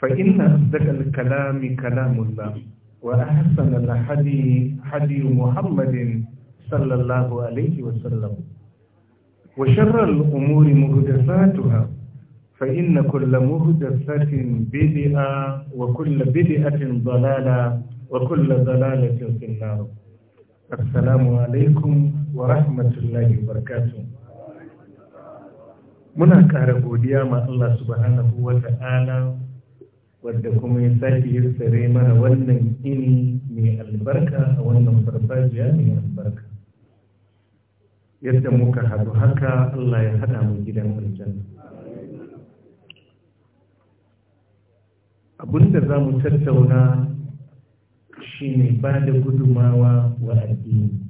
فإن أصدق الكلام كلام الله وأحسن الحدي حدي محمد صلى الله عليه وسلم وشر الأمور مهدفاتها فإن كل مهدفة بدعة وكل بدئة ضلالة وكل ضلالة في النار السلام عليكم ورحمة الله وبركاته muna ƙara godiya ma Allah subhanahu wa ta'ala wadda kuma ya sake yi tsare mana wannan ini mai albarka a wannan farfajiya mai albarka yadda muka hadu haka Allah ya haɗa mu gidan aljanna abinda za mu tattauna shi ne ba da gudumawa wa addini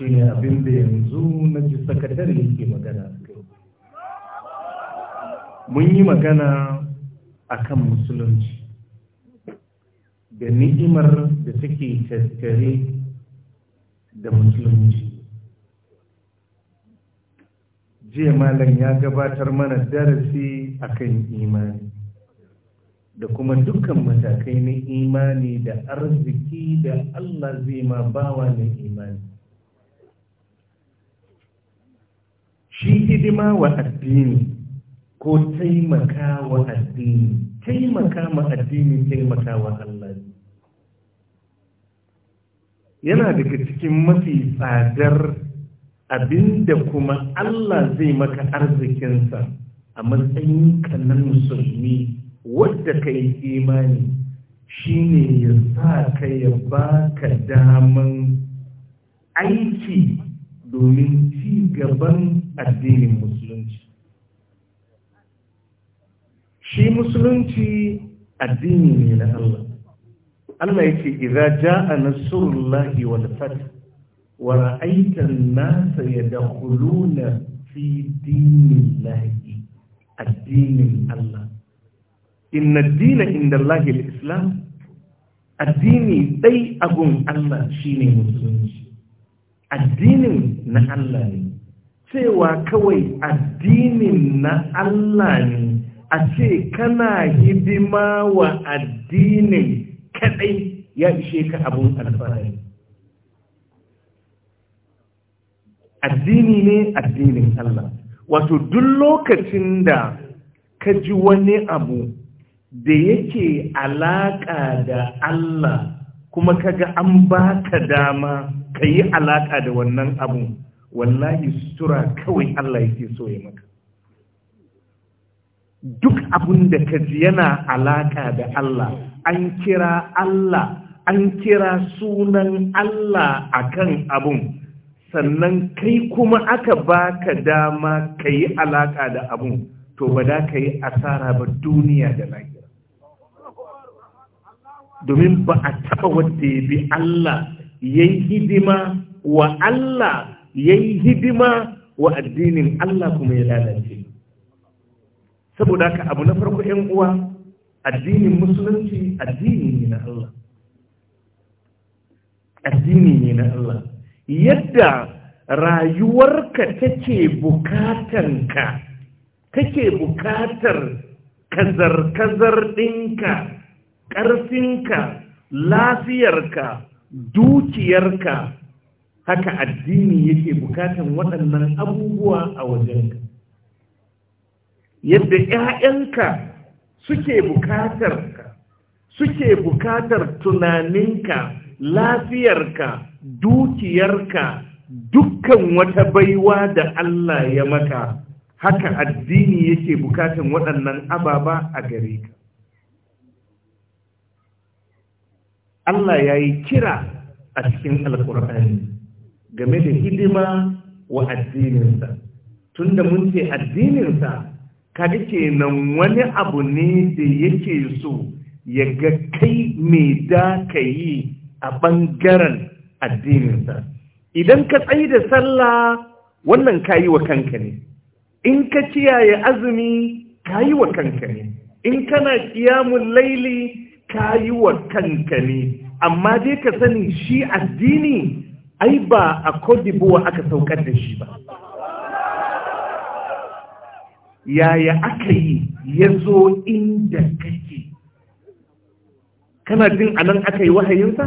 shi ne abinda yanzu na ji sakatare yake magana mun yi magana akan musulunci da ni'imar da take tattare da musulunci jiya malam ya gabatar mana darasi akan imani da kuma dukkan matakai na imani da arziki da Allah zai ma bawa na imani shi hidima wa addini ko taimaka wa addini taimaka ma addini taimaka wa Allah yana daga cikin mafi tsadar abinda kuma Allah zai maka arzikinsa a matsayin kanan musulmi wadda ka yi imani shine ya sa ka ya baka daman aiki domin ci gaban addinin musulmi shi musulunci addini ne na Allah Allah yake idza jaa nasrullahi wal fath wa ra'aita an-nasa yadkhuluna fi dinillahi addinin Allah inna ad-dina indallahi al-islam addini dai agun Allah shine musulunci addinin na Allah ne cewa kawai addinin na Allah ne a ce kana hidima wa addinin kadai ya ishe ka abun alfahari addini ne addinin Allah wato duk lokacin da ka ji wani abu da yake alaƙa da Allah kuma kaga an baka dama ka yi alaƙa da wannan abu wallahi sutura kawai Allah yake so ya maka duk abun da ka ji yana alaka da Allah an kira Allah an kira sunan Allah a kan abun sannan kai kuma aka baka dama ka yi alaka da abun to ba da ka yi asara ba duniya da lahira domin ba a taɓa wadda ya bi Allah ya yi hidima wa Allah ya yi hidima wa addinin Allah kuma ya lalace saboda haka abu na farko 'yan uwa addinin musulunci addini ne na Allah addini ne na Allah yadda rayuwarka take ka take bukatar kazar-kazar ɗinka ƙarfinka lafiyarka dukiyarka haka addini yake bukatan waɗannan abubuwa a wajenka yadda ‘ya'yanka suke bukatarka suke bukatar tunaninka lafiyarka dukiyarka dukkan wata baiwa da Allah ya maka haka addini yake buƙatar waɗannan ababa a gare ka Allah ya yi kira a cikin alkur'ani game da hidima wa addininsa tunda mun ce addininsa kaga kenan wani abu ne da yake so ya ga kai me da ka yi a ɓangaren addininsa idan ka tsaye da sallah wannan ka yi wa kanka ne in ka kiyaye azumi ka yi wa kanka ne in kana kiyamun laili ka yi wa kanka ne amma dai ka sani shi addini ai ba a kodibuwa aka saukar da shi ba yaya aka yi ya zo inda kake kana jin anan aka yi wahayinsa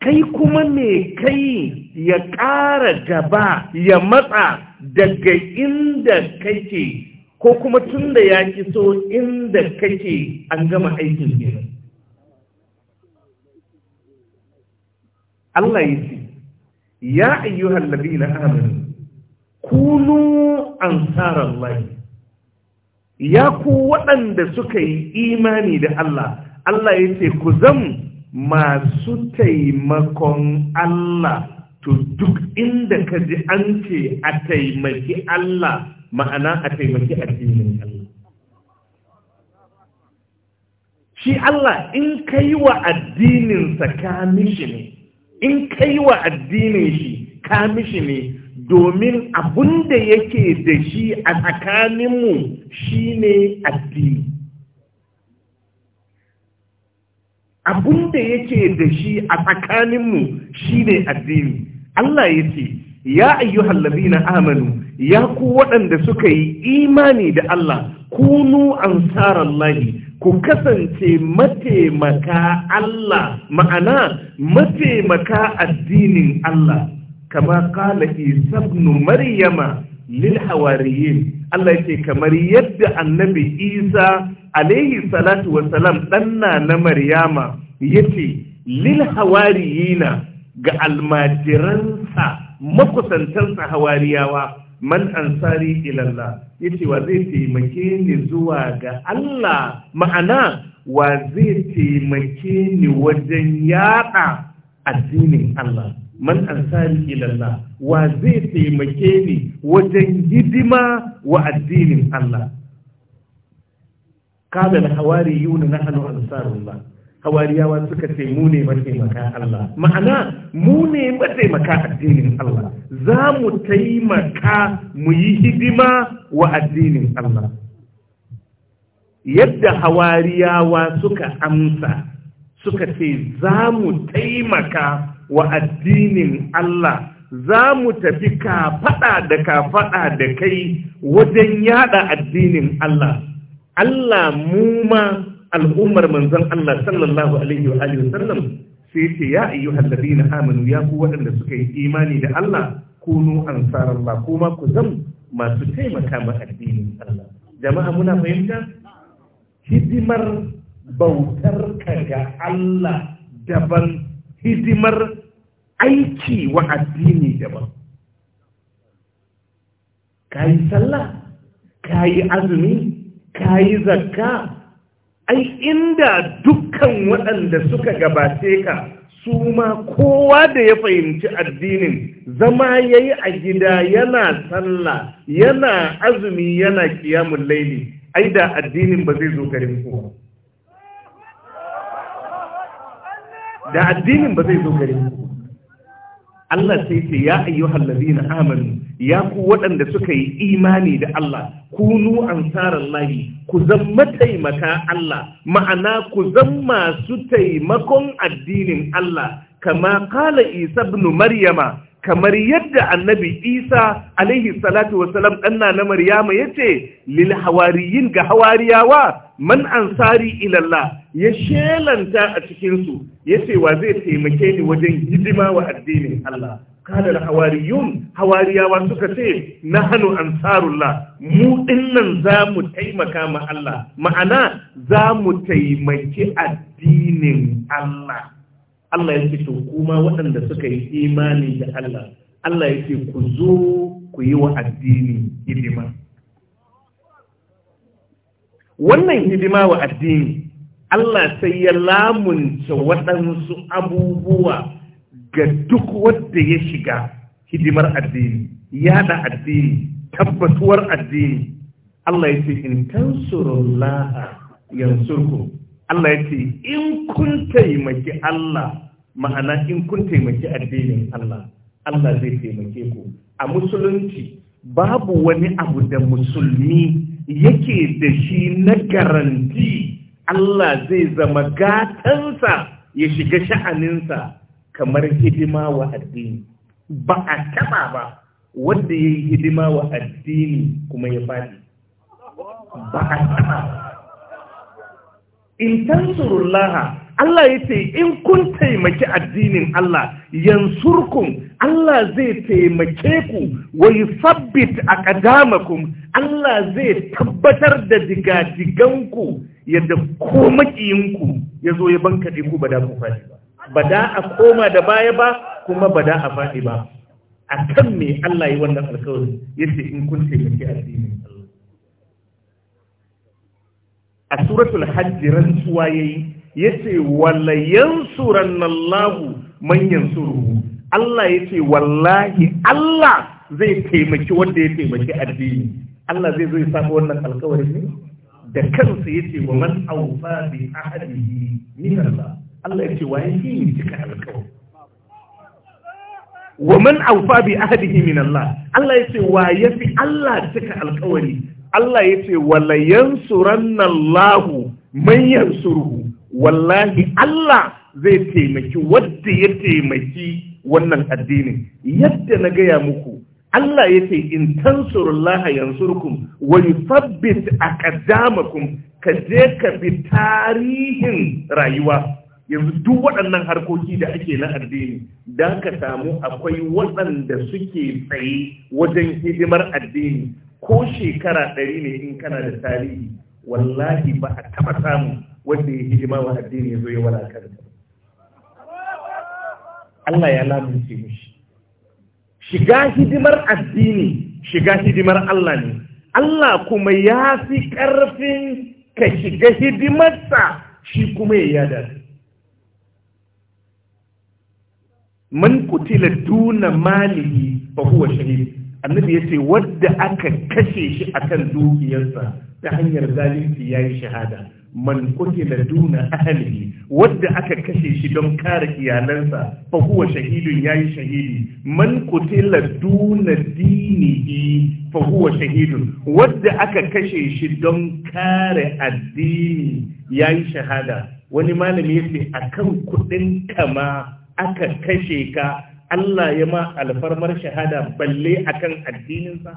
kai kuma me kai ya ƙara gaba ya matsa daga inda kake ko kuma tun da ya ki so inda kake an gama aikin gina Allah ya ce ya ayyuhal ladina amanu kunu ansarallahi ya ku waɗanda suka yi imani da Allah Allah ya ce ku zam masu taimakon Allah to duk inda ka ji an ce a taimaki Allah ma'ana a taimaki addinin Allah shi Allah in ka yi wa addininsa kamishi ne in ka yi wa addinin shi kamishi ne domin abin da yake da shi a tsakaninmu shi ne addini abin da yake da shi a tsakaninmu shi ne addini Allah ya ce ya hallabi na amanu ya ku waɗanda suka yi imani da Allah kunu lahi ku kasance mataimaka Allah ma'ana mataimaka addinin Allah kama kala isa ibn maryama lil hawariyin Allah yake kamar yadda annabi Isa alaihi salatu salam danna na Maryama yace lil hawariyina ga almajiransa makusantansa hawariyawa man ansari ilallah yace wa zai taimake ni zuwa ga Allah ma'ana wa zai taimake ni wajen yada addinin Allah man ansari ilallah wa zai taimake ni wajen hidima wa addinin Allah kada na hawari yuna na hannu ansarullah hawariyawa suka ce mu ne mataimaka Allah ma'ana mu ne mataimaka addinin Allah za mu taimaka mu yi hidima wa addinin Allah yadda hawariyawa suka amsa suka ce za mu taimaka wa addinin Allah za mu tafi kafaɗa da kafaɗa da kai wajen yada addinin Allah Allah mu ma al'ummar manzon Allah sallallahu alaihi wa alihi wasallam sai ce ya ayyuhal ladina Aminu ya ku waɗanda suka yi imani da Allah kunu ansarallah kuma ku zan masu taimaka ma addinin Allah jama'a muna fahimta hidimar bautar ka ga Allah daban hidimar aiki wa addini daban ka yi sallah ka yi azumi ka yi zakka ai inda dukkan waɗanda suka gabace ka su ma kowa da ya fahimci addinin zama ya yi a gida yana sallah yana azumi yana kiyamun laili ai da addinin ba zai zo garin kowa da addinin ba zai zo garin kowa Allah sai ce ya ayyuhal ladina amanu ya ku waɗanda suka yi imani da Allah kunu ansarallahi ku zama mataimaka Allah ma'ana ku zama masu taimakon addinin Allah kama kala Isa ibn Maryama kamar yadda annabi isa alaihi salatu wasalam ɗanna na maryama ya ce lil hawariyin ga hawariyawa man ansari ilallah ya shelanta a cikinsu ya ce wa zai taimake ni wajen hidima wa addinin allah kalar hawariyun hawariyawa suka ce na hannu ansarullah mu dinnan za mu taimaka ma allah ma'ana za mu taimaki addinin allah Allah ya ce to kuma waɗanda suka yi imani da Allah Allah ya ce ku zo ku yi wa addini hidima wannan hidima wa addini Allah sai ya lamunta waɗansu abubuwa ga duk wanda ya shiga hidimar addini yada addini tabbatuwar addini Allah ya ce in tansurullaha yansurku. Allah ya ce in kun taimaki Allah ma'ana in kun taimaki addinin Allah Allah zai taimake ku a musulunci babu wani abu da musulmi yake da shi na garanti Allah zai zama gatansa ya shiga sha'aninsa kamar hidima wa addini ba a taba ba wanda ya yi hidima wa addini kuma ya faɗi ba a in tansurullaha Allah ya ce in kun taimaki addinin Allah kun, Allah zai taimake ku wai sabbit a ƙadamakun Allah zai tabbatar da digadiganku yadda ko makiyinku ya zo ya bankaɗe ku da ku faɗi ba ba da a koma da baya ba kuma ba da a faɗi ba a kan me Allah ya wannan alƙawari ya ce in kun taimaki addinin Allah a suratul hajji rantsuwa yayi suran nan yansurannallahu manyan suruhu? Allah ya ce, wallahi Allah zai taimaki wanda ya taimaki addini Allah zai zai samu wannan alƙawari ne da kansa ya ce, wa man awfa bi yi min Allah Allah ce, wa yi ni cika alƙawari wa man awfa bi ahadihi min Allah Allah yace wa yafi Allah cika alƙawari Allah ya ce wala yansuranna lahu man yansuruhu wallahi Allah zai taimaki wadda ya taimaki wannan addinin yadda na gaya muku Allah ya ce in tansurullaha yansurkum wa yuthabbit aqdamakum ka je ka bi tarihin rayuwa yanzu duk waɗannan harkoki da ake na addini da ka samu akwai waɗanda suke tsaye wajen hidimar addini ko shekara ɗari ne in kana da tarihi wallahi ba a taɓa samu wanda ya hidima wa addini ya zo ya walakanta Allah ya lamunce mishi shiga hidimar addini shiga hidimar Allah ne Allah kuma ya fi ƙarfin ka shiga hidimarsa shi kuma ya yada man kutila duna malihi fa huwa shahid annabi ya ce wadda aka kashe shi akan dukiyarsa ta hanyar zalunci ya yi shahada man la duna ahlihi wadda aka kashe shi don kare iyalansa fa huwa shahidun yayi shahidi man la duna dinihi fa huwa shahidun wadda aka kashe shi don kare addini yayi shahada wani malami yace akan kudin kama aka kashe ka Allah ya ma alfarmar shahada balle akan addininsa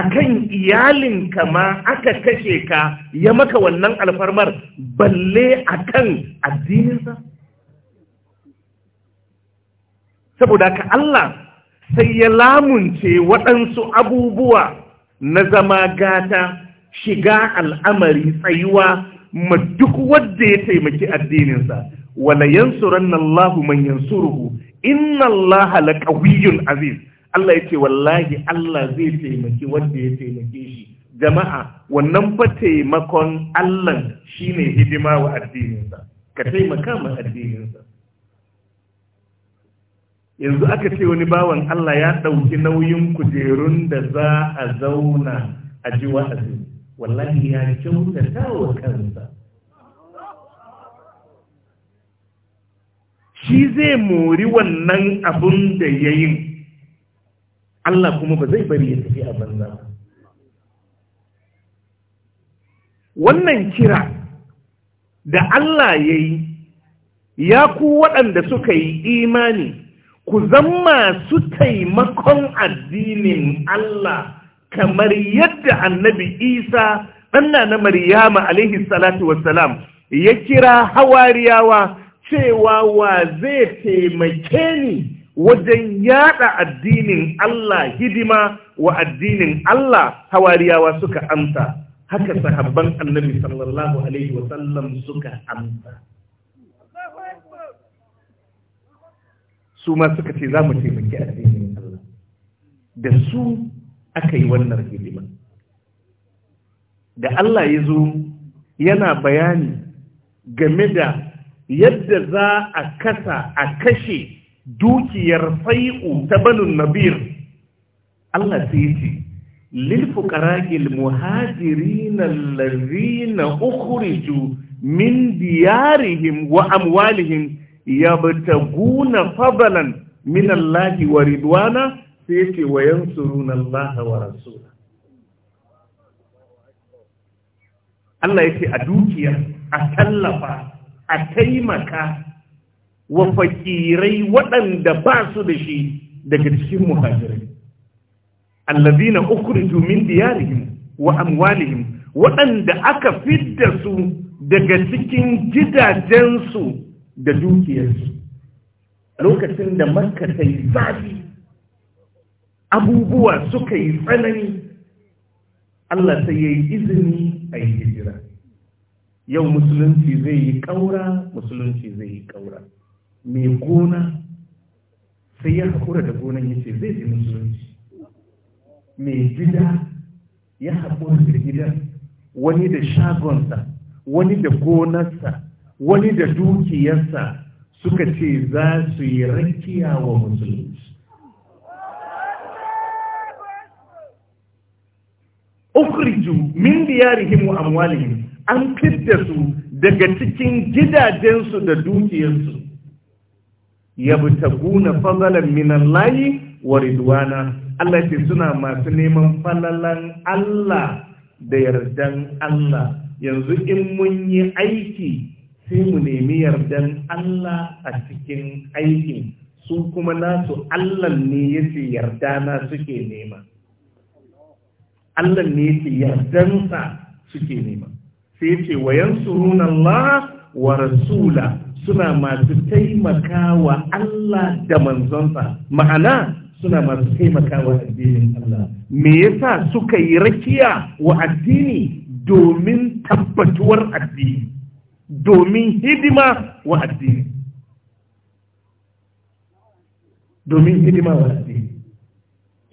akan iyalinka ma aka kashe ka ya maka wannan alfarmar balle akan addininsa saboda ka Allah sai ya lamunce waɗansu abubuwa na zama gata shiga al'amari tsayuwa ma duk wadda ya taimaki addininsa wala yansuranna Allahu man yansuruhu inna Allaha laqawiyyun aziz Allah yace wallahi Allah zai taimaki wanda ya taimake shi jama'a wannan fa taimakon Allah shine hidima wa addininsa ka taimaka ma addininsa yanzu aka ce wani bawan Allah ya ɗauki nauyin kujerun da za a zauna a ji wa'azi wallahi ya kyautata wa kansa shi zai mori wannan abin da ya yi Allah kuma ba zai bari ya tafi a banza wannan kira da Allah ya yi ya ku waɗanda suka yi imani ku zama su taimakon addinin Allah kamar yadda annabi Isa ɗanna na Maryama alaihi salatu ya kira hawariyawa cewa wa zai taimake ni wajen yada addinin Allah hidima wa addinin Allah hawariyawa suka amsa haka sahabban annabi sallallahu alaihi wa sallam suka amsa su ma suka ce za mu taimaki addinin Allah da su aka yi wannan hidima da Allah ya zo yana bayani game da yadda za a kasa a kashe dukiyar fai'u ta banin nabir Allah sai ce lilfukara'il muhajirin allazina ukhriju min diyarihim wa amwalihim yabtaguna fadlan min Allah wa ridwana sai ce wa yansuruna Allah wa rasulahu Allah ce a dukiyar a tallafa a taimaka wa fakirai waɗanda ba su da shi daga cikin muhajirai allazina ukuri min diyarihim wa amwalihim waɗanda aka fidda su daga cikin gidajensu da dukiyarsu lokacin da maka ta yi zafi abubuwa suka yi tsanani Allah ta ya yi izini a yi hijira yau musulunci zai yi ƙaura musulunci zai yi ƙaura mai gona sai ya haƙura da gonan ya ce zai fi musulunci mai gida ya haƙura da gidan wani da shagonsa wani da gonarsa wani da dukiyarsa suka ce za su yi rakiya wa musulunci ukhriju min diyarihim wa amwalihim an fidda su daga cikin gidajensu da dukiyarsu yabtaguna guna minan layi wa ridwana Allah ce suna masu neman falalan Allah da yardan Allah yanzu in mun yi aiki sai mu nemi yardan Allah a cikin aiki. su kuma nasu Allah ne yace yarda na suke nema Allah ne ce yardansa suke nema sai yace wa yansuruna Allah wa rasula suna masu taimakawa Allah da manzonsa ma'ana suna masu taimakawa addinin Allah me yasa suka yi rakiya wa addini domin tabbatuwar addini domin hidima wa addini domin hidima wa addini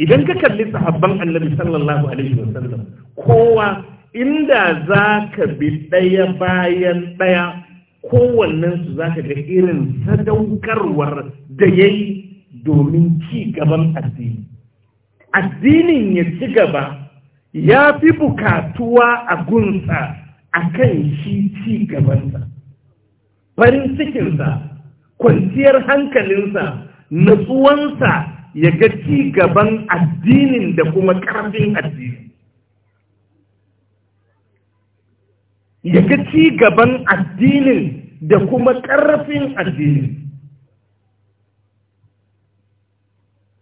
idan ka kalli sahabban annabi sallallahu alaihi wasallam kowa inda za ka bi ɗaya bayan ɗaya kowannensu za ka ga irin sadaukarwar da ya yi domin ci gaban addini addinin ya ci gaba ya fi bukatuwa a gunsa a kan shi ci gabansa farin cikinsa kwanciyar hankalinsa natsuwansa ya ga ci gaban addinin da kuma ƙarfin addini ya ga ci gaban addinin da kuma ƙarfin addinin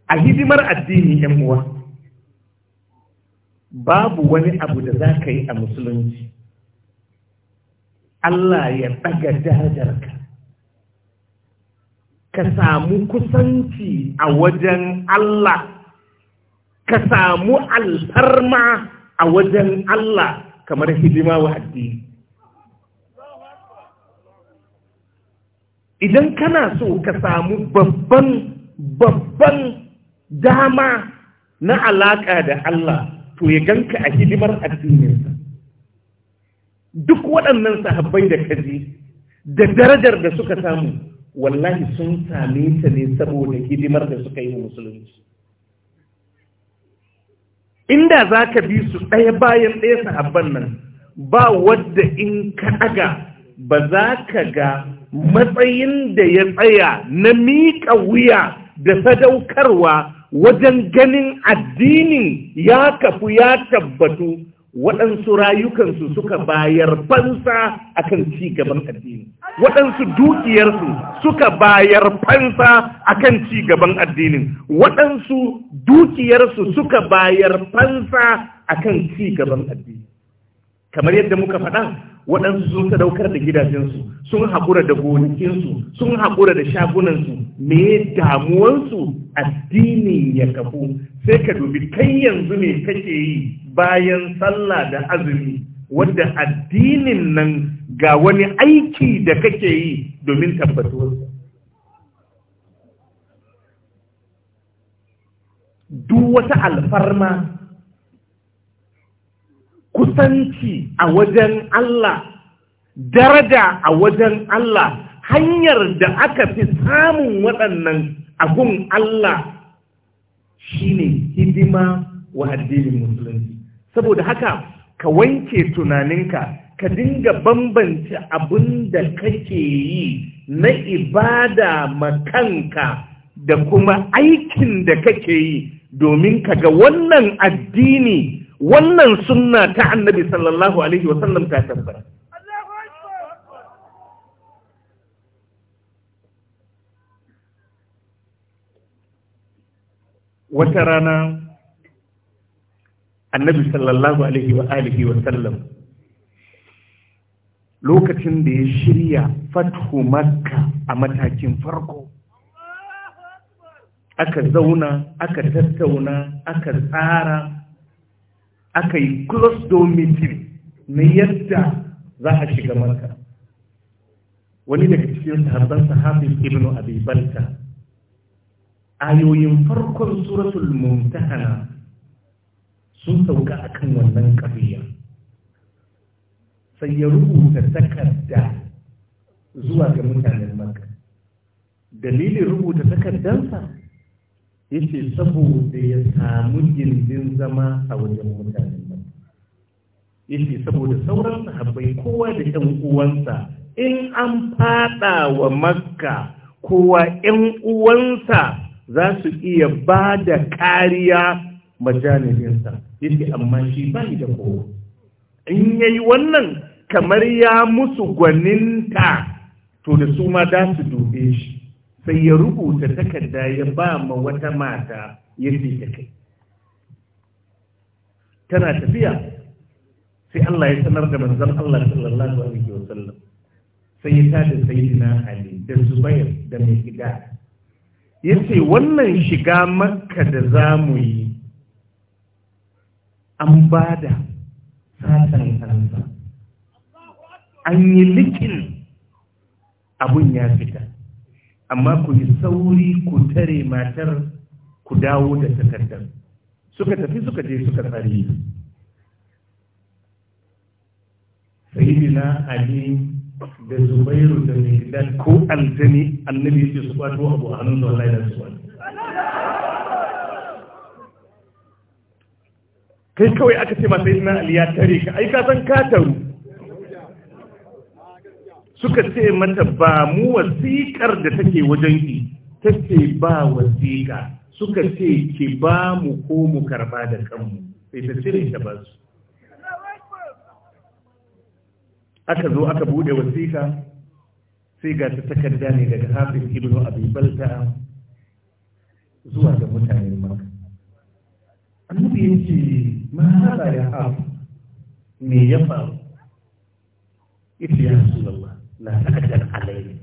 a hidimar addini yan uwa babu wani abu da za ka yi a musulunci Allah ya ɗaga darajarka ka samu kusanci a wajen Allah ka samu alfarma a wajen Allah kamar hidima wa addini idan kana so ka samu babban babban dama na alaƙa da Allah to ya ganka a hidimar addininsa duk waɗannan sahabbai da kaji da darajar da suka samu wallahi sun same ta ne saboda hidimar da suka yi wa musulunci inda za ka bi su ɗaya bayan ɗaya sahabban nan ba wadda in ka ɗaga ba za ka ga matsayin da ya tsaya na miƙa wuya da sadaukarwa wajen ganin addinin ya kafu ya tabbatu waɗansu rayukansu suka bayar fansa akan ci gaban addini waɗansu dukiyarsu suka bayar fansa akan ci gaban addinin waɗansu dukiyarsu suka bayar fansa akan ci gaban addini kamar yadda muka faɗa waɗansu sun sadaukar da gidajensu sun haƙura da gonakinsu sun haƙura da shagunansu me damuwansu addini ya kafu sai ka dubi kai yanzu ne kake yi bayan sallah da azumi wanda addinin nan ga wani aiki da kake yi domin tabbatuwarsa duk wata alfarma kusanci a wajen Allah daraja a wajen Allah hanyar da aka fi samun waɗannan abun Allah shine hidima wa addinin musulunci saboda haka ka wanke tunaninka ka dinga bambance abin da kake yi na ibada makanka da kuma aikin da kake yi domin ka ga wannan addini wannan suna ta annabi sallallahu alaihi wasallam ta tabbata wata rana annabi sallallahu alaihi wa alihi wa sallam lokacin da ya shirya fathu makka a matakin farko aka zauna aka tattauna aka tsara aka yi close na yadda za a shiga marka. wani daga cikin sahabban sahabin ibnu abi ayoyin farkon suratul mumtahana sun sauka akan wannan kabiya sai ya rubuta takarda zuwa ga mutanen marka. dalilin rubuta takardansa yace saboda ya samu gindin zama a wajen mutane yace saboda sauran sahabbai kowa da ɗan uwansa in an fada wa makka kowa ɗan uwansa za su iya ba da kariya majalibinsa yace amma shi ba da kowa in ya yi wannan kamar ya musu gwaninta to da su ma za su dube shi sai ya rubuta takarda ya ba ma wata mata ya fi ta kai tana tafiya sai Allah ya sanar da manzan Allah sallallahu alaihi wasallam sai ya tada sayyidina Ali da Zubair da mai gida ce wannan shiga Makka da za mu yi an bada satan kansa an yi likin abun ya fita amma ku yi sauri ku tare matar ku dawo da takardar suka tafi suka je suka tsari. sayyidina ali da zubairu da migdal ko aljani annabi yake su kwato abu a hannun wallahi da su kai kawai aka ce ma sayyidina ali ya tare ka ai ka san ka suka ce mata ba mu wasiƙar da take wajen ki take ba wasika suka ce ki ba mu ko mu karba da kanmu sai ta cire ta ba su aka zo aka bude wasiƙa sai ga ta takarda ne daga hafin ibnu abi balta zuwa ga mutanen maka annabi ya ce ma hada ya hafu me ya faru ita ya rasulullah la ta'ajjal alayhi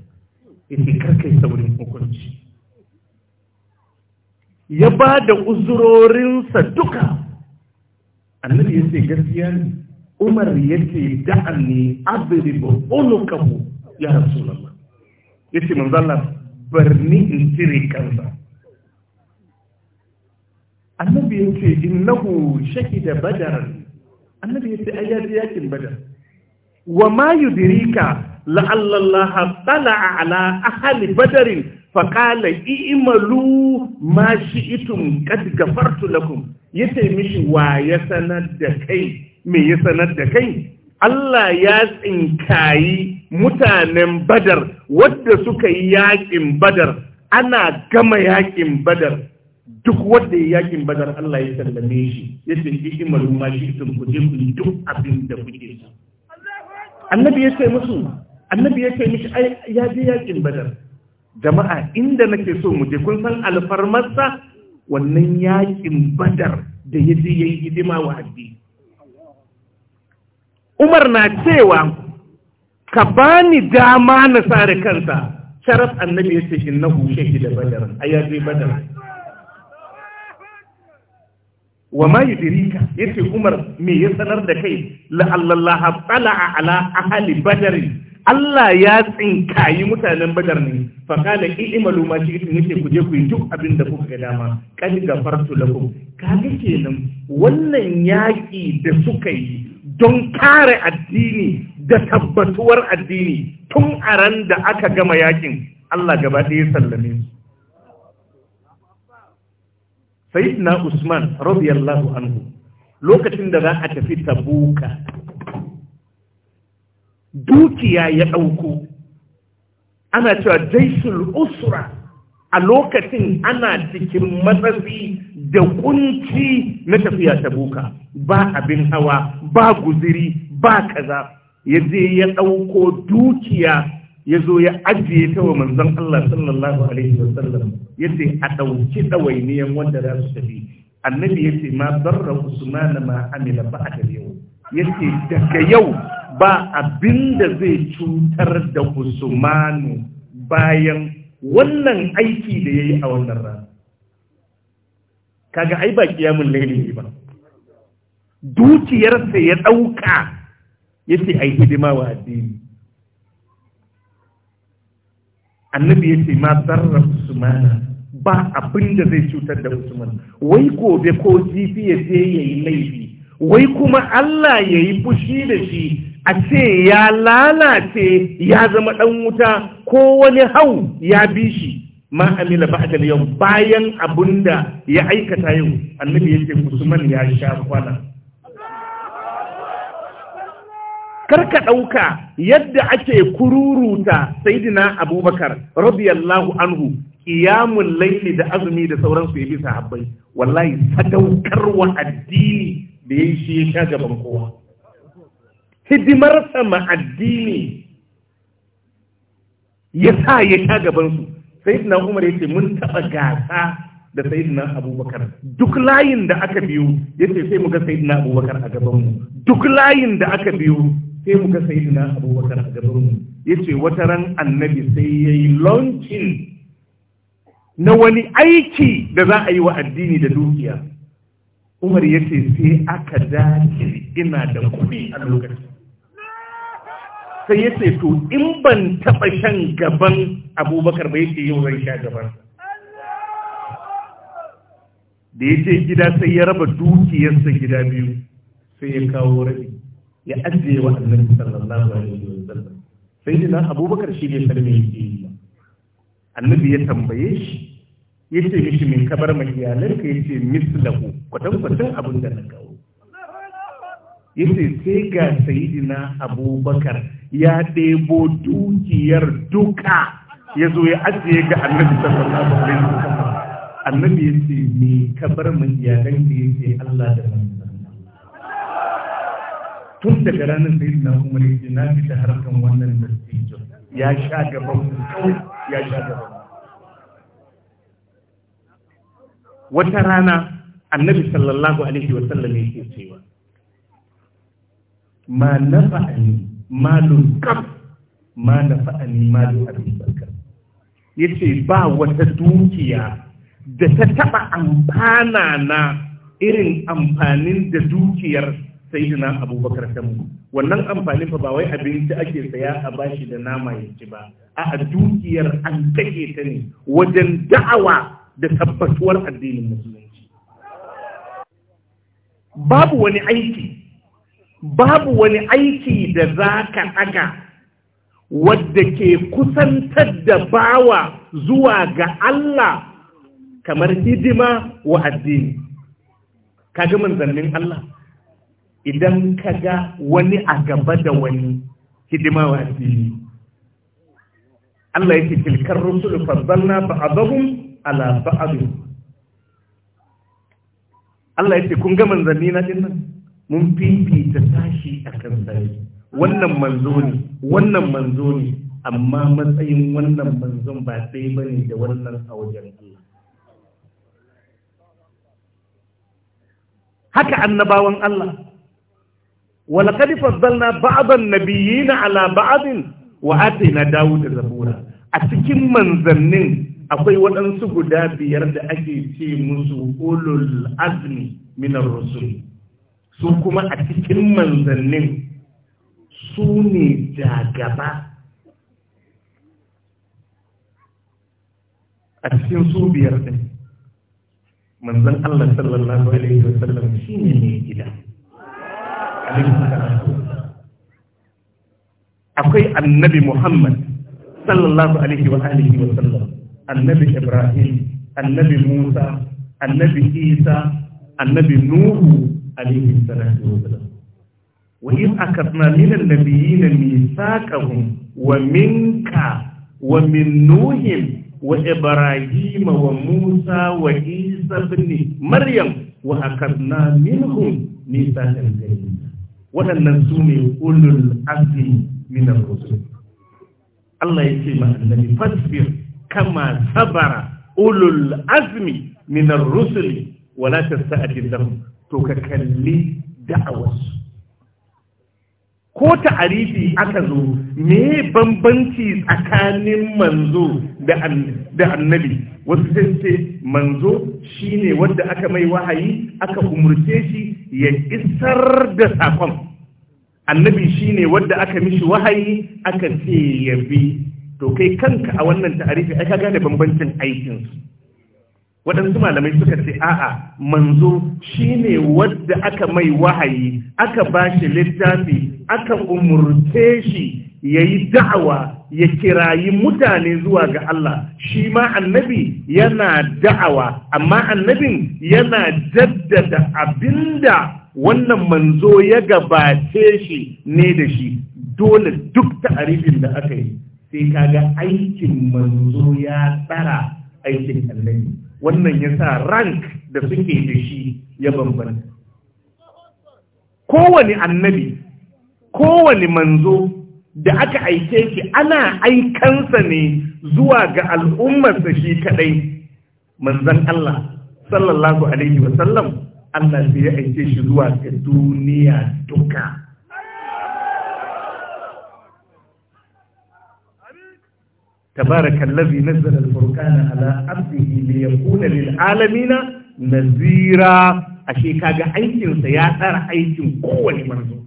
yace karkai saurin hukunci ya ba da uzurorinsa duka annabi ya ce gaskiya ne umar ya ce da'anni abiribu unukahu ya rasu ba ya ce manzala birni in cire kansa annabi ya ce innahu shahida badar annabi ya ce ayyar yakin badar wa ma yudirika لعل الله ala ahali أهل fa فقال i'malu ma shi'tum قد غفرت lakum yace mishi wa ya sanar da kai me ya sanar da kai Allah ya tsinkayi mutanen badar wadda suka yi yakin badar ana gama yakin badar duk wanda ya yakin badar Allah ya sallame shi yace imalu ma shi tun kuje ku duk abin da kuke annabi ya ce musu annabi ya ce mishi ai ya je yakin badar jama'a inda nake so mu je kun san alfarmarsa wannan yakin badar da ya je yayi hidima wa addini Umar na cewa ka bani dama na sare kansa sharaf annabi ya ce innahu shahida badar ai ya je badar wa ma yudrika yace Umar me ya sanar da kai la allallaha tala ala ahli badari Allah ya tsinkayi mutanen badar ne ƙi i'malu ma shi ita yake kuje ku yi duk abin da kuka ga dama kad gafartu lakum kaga kenan wannan yaƙi da suka yi don kare addini da tabbatuwar addini tun a ran da aka gama yaƙin. Allah gaba ɗaya sallame su sayyidina Usman radiyallahu anhu lokacin da za a tafi Tabuka dukiya ya ɗauko ana cewa jaisul usura. a lokacin ana cikin matsazi da kunci na tafiya ta buka ba abin hawa ba guziri ba kaza ya je ya ɗauko dukiya ya zo ya ajiye ta wa manzon Allah sallallahu alaihi wasallam ya ce a ɗauki ɗawainiyan wanda za su tafi annabi ya ce ma zarra usman ma amila ba a yau ya ce daga yau ba abinda zai cutar da usmanu bayan wannan aiki da ya yi a wannan rana kaga ai ba kiyamun laili ne ba dukiyarsa ya ɗauka ya ce ai hidima wa addini annabi ya ce ma zarra usmana ba abin zai cutar da usman wai gobe ko jifi ya je ya yi laifi wai kuma Allah ya yi fushi da shi a ce ya lalace ya zama ɗan wuta ko wani hau ya bi shi ma amila ba'dal yau bayan da ya aikata yau annabi yake Usman ya sha kwana Kar ka ɗauka yadda ake kururuta saidina abubakar radiyallahu anhu ƙiyamun laili da azumi da sauransu ya bisa habbai wallahi sadaukarwa addini da ya shi ya sha gaban kowa hidimarsa addini ya sa ya sha gabansu sai na umar ya ce mun taɓa gasa da sayidina abubakar duk layin da aka biyo ya ce sai muka sayidina abubakar a gabanmu duk layin da aka biyo sai muka sayidina abubakar a gabanmu ya ce wata ran annabi sai ya yi launcin na wani aiki da za a yi wa addini da dukiya umar ya ce sai aka dace ina da kuɗi a lokacin sai ya ce to in ban taɓa shan gaban abubakar ba yake yau zan sha gaban da ya ce gida sai ya raba dukiyarsa gida biyu sai ya kawo rabi ya ajiye wa annabi sallallahu alaihi wa sallam" sai dina abubakar shi ne sarmi ke yi annabi ya tambaye shi ya ce mishi min kabar mai iyalanka ya ce mislahu kwatankwatan abin da na kawo yace sai ga sayidina abubakar ya ɗebo dukiyar duka ya zo ya ajiye ga annabi sallallahu alaihi wasallam annabi ya ce me ka bar min iyalan da ya ce Allah da tun daga ranar sayidina umar ya ce na fita harkan wannan dattijo ya sha gaban ya sha gaban wata rana annabi sallallahu alaihi wasallam ya ce cewa ma nafa'ani malun kaf ma nafa'ani malun abin barka yace ba wata dukiya da ta taba amfana na irin amfanin da dukiyar sayyidina abubakar ta mu wannan amfani fa ba wai abinci ake saya a bashi da nama ya ci ba a dukiyar an take ta ne wajen da'awa da tabbatuwar addinin musulunci babu wani aiki babu wani aiki da za ka ɗaga wadda ke kusantar da bawa zuwa ga Allah kamar hidima wa addini Ka ga manzannin Allah idan ka ga wani a gaba da wani hidima wa addini Allah yake tilkar rusulu faddalna ba'dahum ala ba'd Allah yake kun ga manzanni na dinnan mun fifita tashi a kan sashi wannan manzo ne wannan manzo ne amma matsayin wannan manzon ba sai ba ne da wannan a wajen Allah haka annabawan Allah walaqad faddalna ba'dan nabiyyina ala ba'din wa atina dawud zabura a cikin manzannin akwai waɗansu guda biyar da ake ce musu ulul azmi minar rusul su kuma a cikin manzannin su ne jagaba a cikin su biyar ɗin manzan Allah sallallahu alaihi wa sallam shi ne mai gida akwai annabi Muhammad sallallahu alaihi wa alihi wa sallam annabi Ibrahim annabi Musa annabi Isa annabi Nuhu alaihi salatu wasalam wa in akadna min annabiyina mithaqahum wa minka wa min nuhin wa ibrahim wa musa wa isa ibn maryam wa akadna minhum mithaqan ghaliza wadannan sune ulul azmi min ar-rusul Allah yake ma annabi fasbir kama sabara ulul azmi min rusuli wa la tasta'jil to ka kalli da'awarsu ko ta'arifi aka zo me bambanci tsakanin manzo da annabi wasu sai ce manzo shine wanda aka mai wahayi aka umurce shi ya isar da sakon annabi shine wanda aka mishi wahayi aka ce ya bi to kai kanka a wannan ta'arifi aka gane bambancin aikinsu waɗansu malamai suka ce a'a manzo shine wadda aka mai wahayi aka ba shi littafi aka umurce shi ya yi da'awa ya kirayi mutane zuwa ga Allah shi ma annabi yana da'awa amma annabin yana jaddada abinda wannan manzo ya gabace shi ne da shi dole duk ta'arifin da aka yi sai kaga aikin manzo ya tsara aikin annabi wannan ya sa rank da suke da shi ya bambanta kowane annabi kowane manzo da aka aike shi ana aikansa ne zuwa ga al'ummarsa shi kadai manzan Allah sallallahu alaihi wasallam Allah sai ya aike shi zuwa ga duniya duka تبارك الذي نزل الفرقان على عبده ليكون للعالمين نذيرا ashe kaga aikinsa ya tsara aikin kowane manzo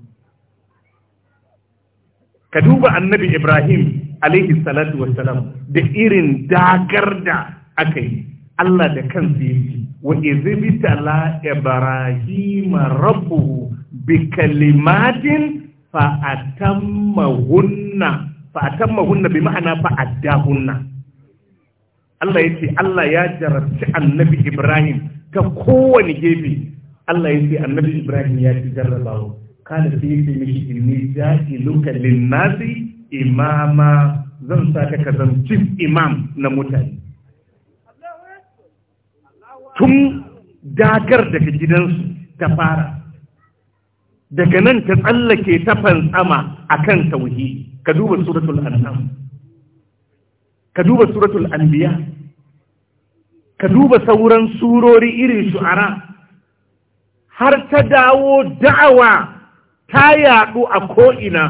ka duba annabi ibrahim alaihi salatu wassalam da irin dagar da aka yi allah da kansa ya ce wa izibitala ibrahim rabbuhu bi kalimatin fa atammahunna fa atamma hunna bi ma'ana fa addahunna Allah ce Allah ya jarabci annabi Ibrahim ta kowane gefe Allah ce annabi Ibrahim ya ci jarrabawa kana yi yace mishi inni ja'iluka lin-nasi imama zan sa ka zan chief imam na mutane tun dagar daga gidansu ta fara daga nan ta tsallake ta fantsama a kan tauhidi ka duba suratul an'am ka duba suratul anbiya ka duba sauran surori irin shu'ara har ta dawo da'awa ta yaɗu a ko'ina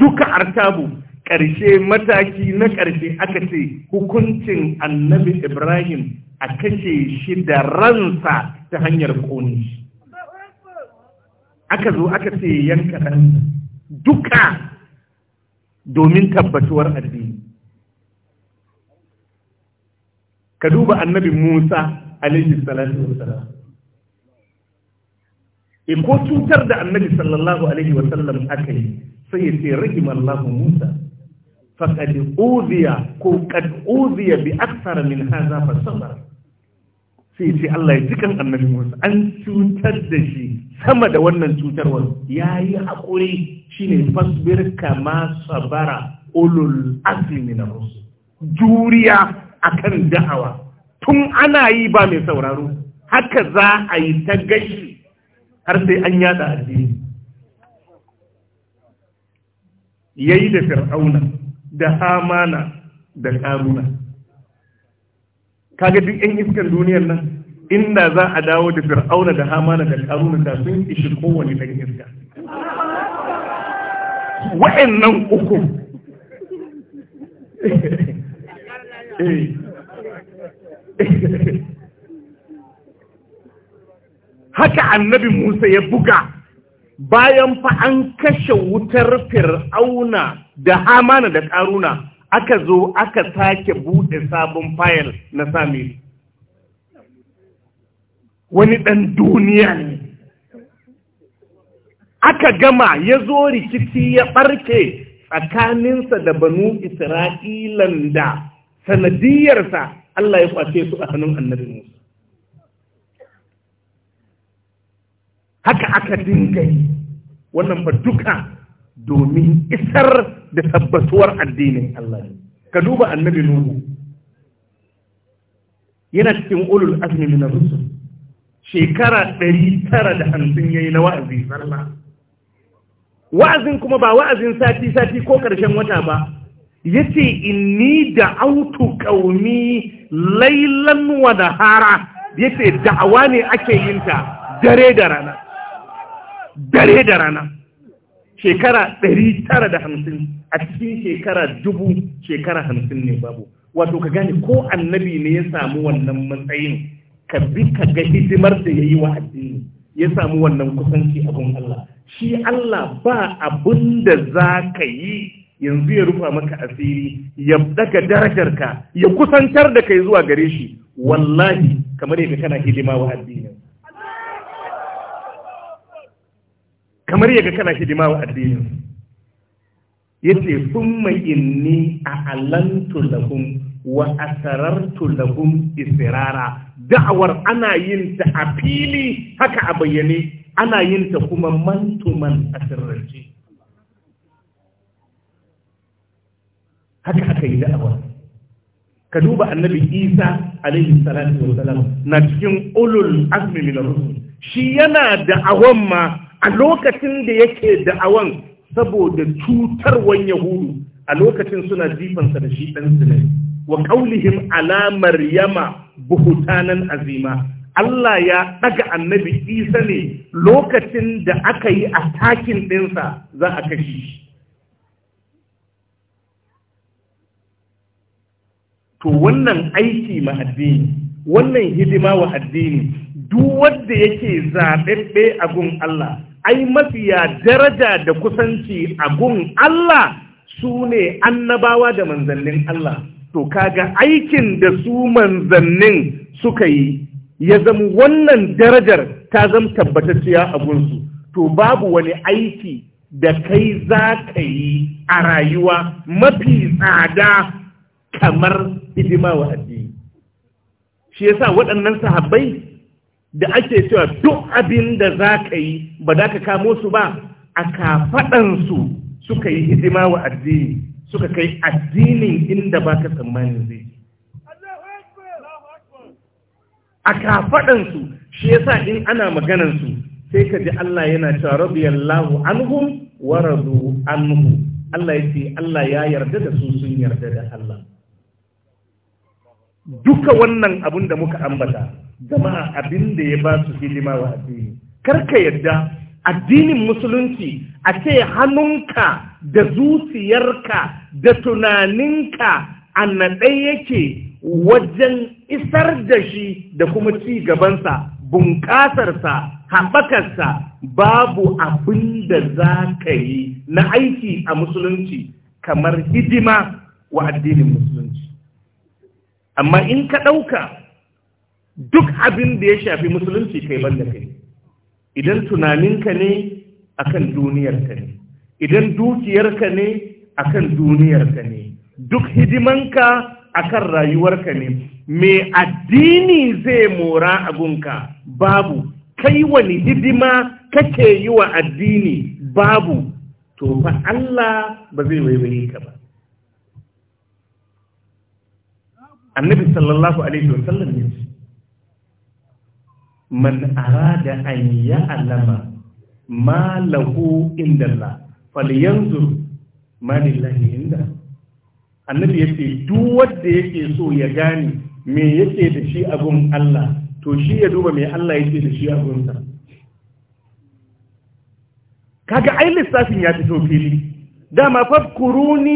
duka artabu ƙarshe mataki na ƙarshe aka ce hukuncin annabi ibrahim a kashe shi da ransa ta hanyar ƙoni aka zo aka ce yanka ɗan duka domin tabbatuwar addini ka duba annabi Musa alaihi salatu wassalam e ko cutar da annabi sallallahu alaihi wasallam aka yi sai ya ce rahim Allah Musa faqad uziya ko qad uziya bi akthar min hadha fa sabara sai ce Allah ya ji kan annabi Musa an cutar da shi sama da wannan cutar cutarwar yayi hakuri ne fasbir kama sabara ulul azmi min rusul juriya akan da'awa tun ana yi ba mai sauraro haka za a yi ta gashi har sai an yada addini yayi da fir'auna da hamana da karuna kaga duk yan iskan duniyar nan inda za a dawo da fir'auna da hamana da karuna da sun ishi kowane dan iska wa'annan uku haka annabi Musa ya buga bayan fa an kashe wutar fir'auna da hamana da karuna aka zo aka sake buɗe sabon fayil na sami wani ɗan duniya ne aka gama ya zo rikici ya ɓarke tsakaninsa da banu isra'ilan da sanadiyarsa Allah ya kwace su a hannun annabi Musa. Haka aka dinga yi wannan ba duka domin isar da tabbatuwar addinin Allah ka duba annabi nuhu yana cikin ulul azmi min rusul shekara 950 yayi na wa'azi wa'azin kuma ba wa'azin sati sati ko karshen wata ba yace inni autu qaumi laylan wa nahara yace da'awa ne ake yinta dare da rana dare da rana shekara ɗari tara da hamsin a cikin shekara dubu shekara hamsin ne babu wato ka gane ko annabi ne ya samu wannan matsayin ka bi ka ga hidimar da ya yi wa addini ya samu wannan kusanci gun Allah shi Allah ba abin da za ka yi yanzu ya rufa maka asiri ya daga darajar ka ya kusantar da kai zuwa gare shi wallahi kamar yadda kana hidima wa addinin kamar yaga kana hidima wa addinin yace summa inni a'lantu lahum wa asarartu lahum israra da'awar ana yin ta a fili haka a bayyane ana yin ta kuma mantuman asirarci haka aka yi da'awar ka duba annabi isa alaihi salatu wa salam na cikin ulul azmi min rusul shi yana da'awan ma a lokacin da yake da'awan saboda cutarwan yahudu a lokacin suna jifansa da shi ɗan zinari wa ƙaulihim ala maryama buhutanan azima Allah ya ɗaga annabi isa ne lokacin da aka yi a takin ɗinsa za a kashe shi to wannan aiki ma addini wannan hidima wa addini duk wanda yake zaɓe a gun Allah ai mafiya daraja da kusanci a gun Allah su ne annabawa da manzannin Allah to kaga aikin da su manzannin suka yi ya zama wannan darajar ta zama tabbatacciya a gunsu to babu wani aiki da kai za ka yi a rayuwa mafi tsada kamar hidima wa addini shi yasa waɗannan sahabbai da ake cewa duk abin da za ka yi ba za ka kamo su ba a kafaɗansu suka yi hidima wa addini suka kai addinin inda ba ka tsammanin zai a kafaɗansu shi sa in ana maganansu sai ka ji Allah yana cewa radiyallahu anhu wa razu anhu Allah ya ce Allah ya yarda da su sun yarda da Allah duka wannan abin da muka ambata jama'a abin da ya ba su hidima wa addini karka yadda addinin musulunci a ce hannunka da zuciyarka da tunaninka a naɗe yake wajen isar da shi da kuma ci gabansa bunƙasarsa haɓakarsa babu abin da za ka yi na aiki a musulunci kamar hidima wa addinin musulunci amma in ka ɗauka duk abin da ya shafi musulunci kai banda kai idan tunaninka ne akan duniyarka ne idan dukiyarka ne akan duniyarka ne duk hidimanka akan rayuwarka ne me addini zai mora agunka babu kai wani hidima kake yi wa addini babu to fa Allah ba zai waiwaye ka ba annabi sallallahu alaihi wa sallam ne man arada an ya'lama ma lahu inda Allah falyanzur ma lillahi inda annabi yace duk wanda yake so ya gane me yake da shi abun Allah to shi ya duba me Allah yake da shi abun sa kaga ai lissafin ya fito fili dama fadkuruni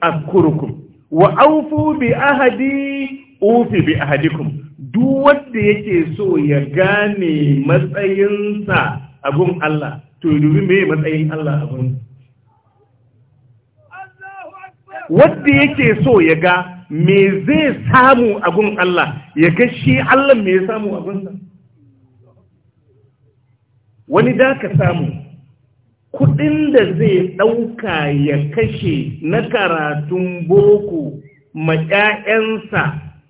akurukum wa aufu bi ahadi ufi bi ahadikum duk wanda yake so ya gane matsayinsa a gun Allah to dubi me matsayin Allah a gun wanda yake so ya ga me zai samu a gun Allah ya ga shi Allah me ya samu a wani da ka samu kudin da zai ɗauka ya kashe na karatun boko ma 'ya'yansa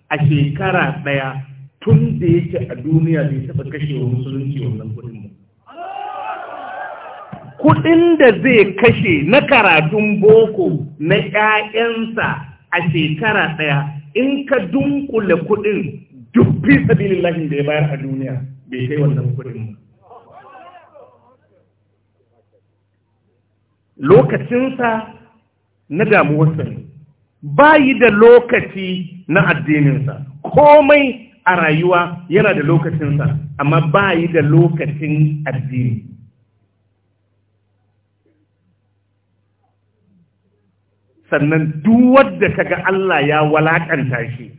a shekara ɗaya tun da yake a duniya zai taɓa kashe wa musulunci wannan kudin mu. Kudin da zai kashe na karatun boko na 'ya'yansa a shekara ɗaya in ka dunkule kudin duk fi lahin da ya bayar a duniya bai kai wannan kudin mu. lokacinsa na damuwarsa ne ba yi da lokaci na addininsa komai a rayuwa yana da lokacinsa amma ba yi da lokacin addini sannan wadda ta ga Allah ya walaƙanta shi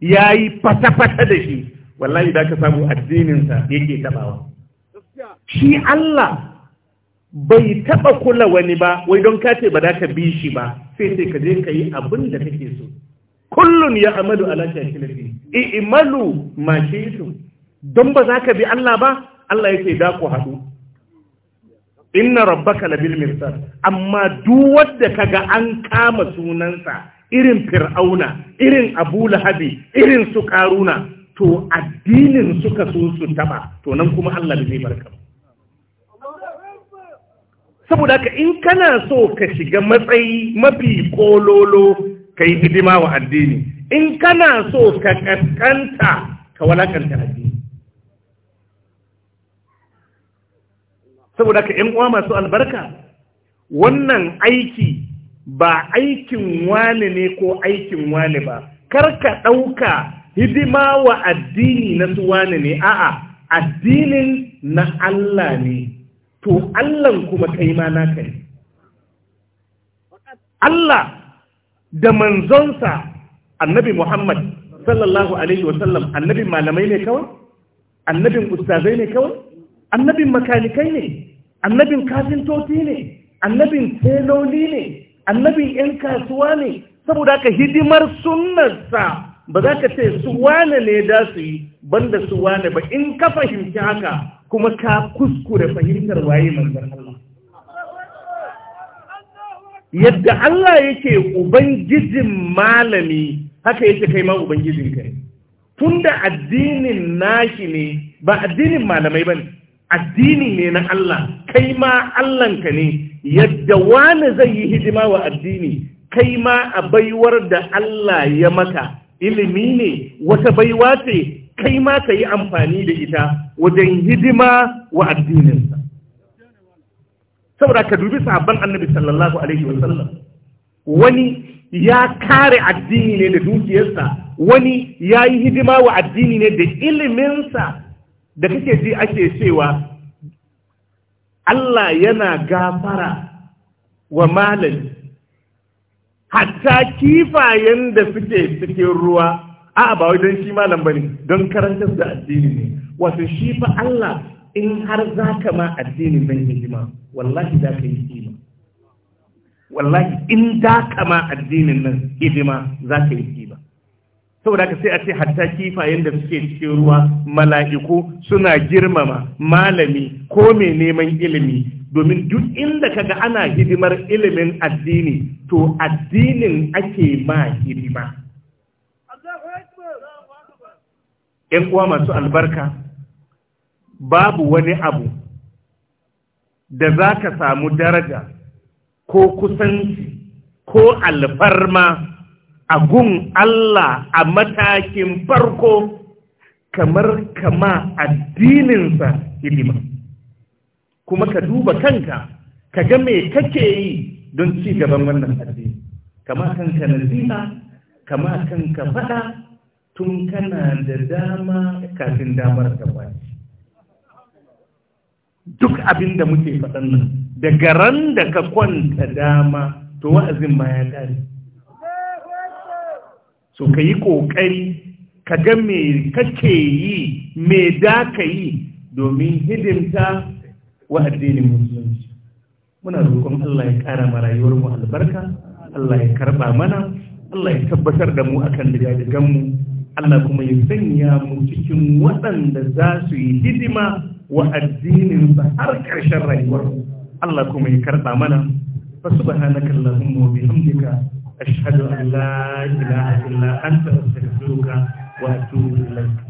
ya yi fata-fata da shi wallahi da ka samu addininsa yake taɓawa." shi Allah bai taɓa kula wani ba wai don kace ba da ka bi shi ba sai sai ka je ka yi abin da kake so Kullum ya amalu ala I i'malu ma shi'tum don ba za ka bi Allah ba Allah yake da ku haɗu inna rabbaka labil mirsad amma duk wanda kaga an kama sunansa irin fir'auna irin abu lahabi irin su karuna to addinin suka so su taba to nan kuma Allah bai barka ba saboda ka, in kana so ka shiga matsayi mafi kololo ka yi hidima wa addini in kana so ka kaskanta ka walakanta addini saboda ka uwa masu albarka wannan aiki ba aikin wani ne ko aikin wani ba karka ɗauka hidima wa addini na su wani ne a'a addinin na Allah ne to Allahn kuma kai mana naka ne Allah da manzonsa annabi Muhammad sallallahu alaihi wasallam annabin malamai ne kawai annabin ustazai ne kawai annabin makanikai ne annabin kafintoci ne annabin teloli ne annabin 'yan kasuwa ne saboda ka hidimar sunnarsa ba za ka ce su wane ne da su yi banda su wane ba in ka fahimci haka kuma ka kuskure fahimtar waye manzon Allah yadda Allah yake ubangijin malami haka yake kai ma ubangijin kai tunda addinin nashi ne ba addinin malamai bane addini ne na Allah kai ma ka ne yadda wani zai yi hidima wa addini kai ma a baiwar da Allah ya maka ilimi ne wata baiwa ce kai ma ka yi amfani da ita wajen hidima wa addininsa saboda ka dubi sabon annabi sallallahu alaihi wasallam wani ya kare addini ne da dukiyarsa wani ya yi hidima wa addini ne da iliminsa da kake ji ake cewa Allah yana gafara wa malami hatta kifayen da suke cikin ruwa a'a ba wai don shi malam bane don karantar da addini ne wato shi fa Allah in har za ka ma addinin nan hidima wallahi za ka yi kima wallahi in za ka ma addinin nan hidima za ka yi kima saboda ka sai a ce hatta kifayen da suke cikin ruwa mala'iku suna girmama malami ko mai neman ilimi domin duk inda kaga ana hidimar ilimin addini to addinin ake ma hidima ‘yan uwa masu albarka babu wani abu da za ka samu daraja ko kusanci ko alfarma a gun Allah a matakin farko kamar kama addininsa hidima kuma ka duba kanka ka ga me kake yi don ci gaban wannan addini kama kanka nazina kama kanka fada tun kana da dama kafin damar ta duk abin da muke faɗan nan daga ran da ka kwanta dama to wa'azin ma ya ƙare so ka yi ƙoƙari ka ga me kake yi me da ka yi domin hidimta wa musulunci muna roƙon Allah ya ƙara ma rayuwarmu mu albarka Allah ya karɓa mana Allah ya tabbatar da mu akan ya mu Allah kuma ya sanya mu cikin waɗanda za su yi hidima wa addininsa har ƙarshen rayuwar Allah kuma ya karɓa mana fa subhanaka allahumma wa bihamdika ashhadu an la ilaha illa anta astaghfiruka wa atubu ilayk